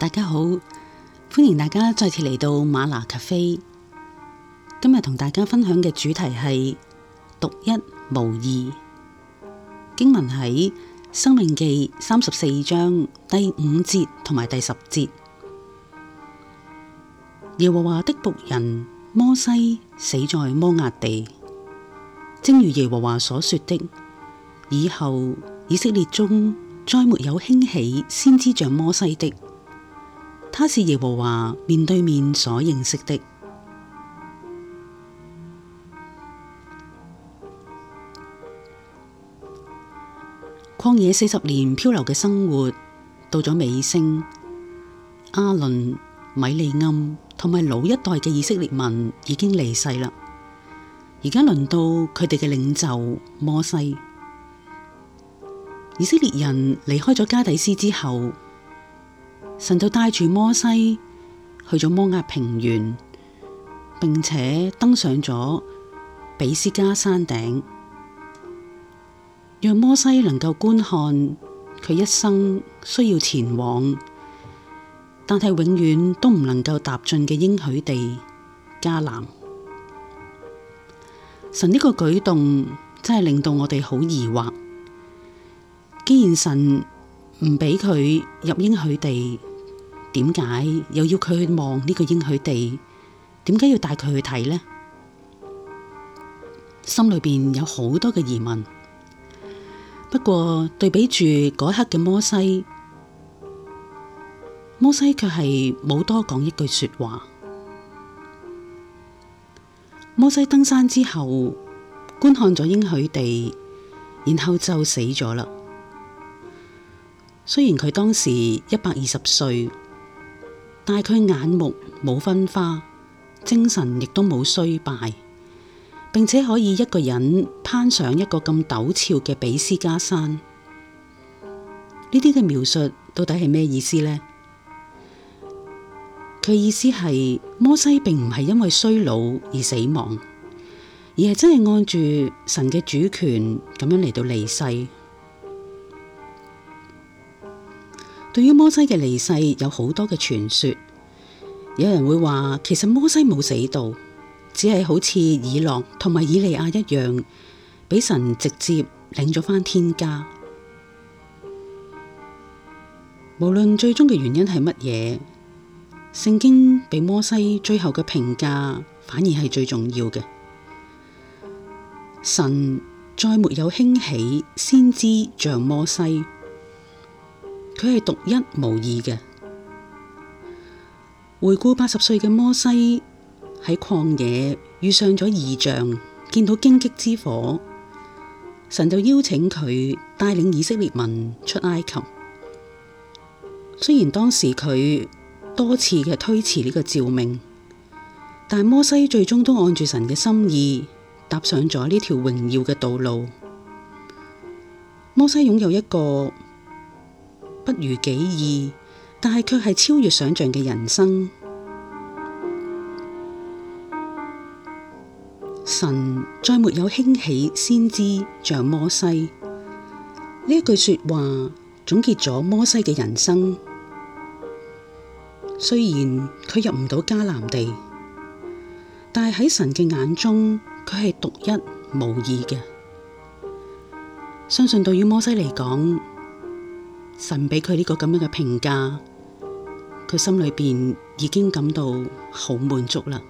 大家好，歡迎大家再次嚟到馬拿咖啡。今日同大家分享嘅主題係獨一無二。經文喺《申命記》三十四章第五節同埋第十節。耶和華的僕人摩西死在摩押地，正如耶和華所說的，以後以色列中再沒有興起先知像摩西的。他是耶和華面對面所認識的。曠野四十年漂流嘅生活到咗尾聲，阿倫、米利暗同埋老一代嘅以色列民已經離世啦。而家輪到佢哋嘅領袖摩西。以色列人離開咗加第斯之後，神就帶住摩西去咗摩押平原，並且登上咗比斯加山頂，讓摩西能夠觀看佢一生需要前往，但係永遠都唔能夠踏進嘅應許地迦南。神呢個舉動真係令到我哋好疑惑，既然神唔俾佢入應許地。點解又要佢去望呢個應許地？點解要帶佢去睇呢？心裏面有好多嘅疑問。不過對比住嗰刻嘅摩西，摩西卻係冇多講一句說話。摩西登山之後，觀看咗應許地，然後就死咗啦。雖然佢當時一百二十歲。但佢眼目冇昏花，精神亦都冇衰敗，並且可以一個人攀上一個咁陡峭嘅比斯加山。呢啲嘅描述到底係咩意思呢？佢意思係摩西並唔係因為衰老而死亡，而係真係按住神嘅主權咁樣嚟到離世。對於摩西嘅離世有好多嘅傳說，有人會話，其實摩西冇死到，只係好似以諾同埋以利亞一樣，俾神直接領咗返天家。無論最終嘅原因係乜嘢，聖經俾摩西最後嘅評價反而係最重要嘅。神再沒有興起先知像摩西。佢係獨一無二嘅。回顧八十歲嘅摩西喺曠野遇上咗異象，見到荊棘之火，神就邀請佢帶領以色列民出埃及。雖然當時佢多次嘅推辭呢個召命，但摩西最終都按住神嘅心意，踏上咗呢條榮耀嘅道路。摩西擁有一個。不如己意，但係卻係超越想象嘅人生。神再沒有興起先知像摩西。呢一句說話，總結咗摩西嘅人生。雖然佢入唔到迦南地，但係喺神嘅眼中，佢係獨一無二嘅。相信對於摩西嚟講，神畀佢呢個咁樣嘅評價，佢心裏邊已經感到好滿足啦。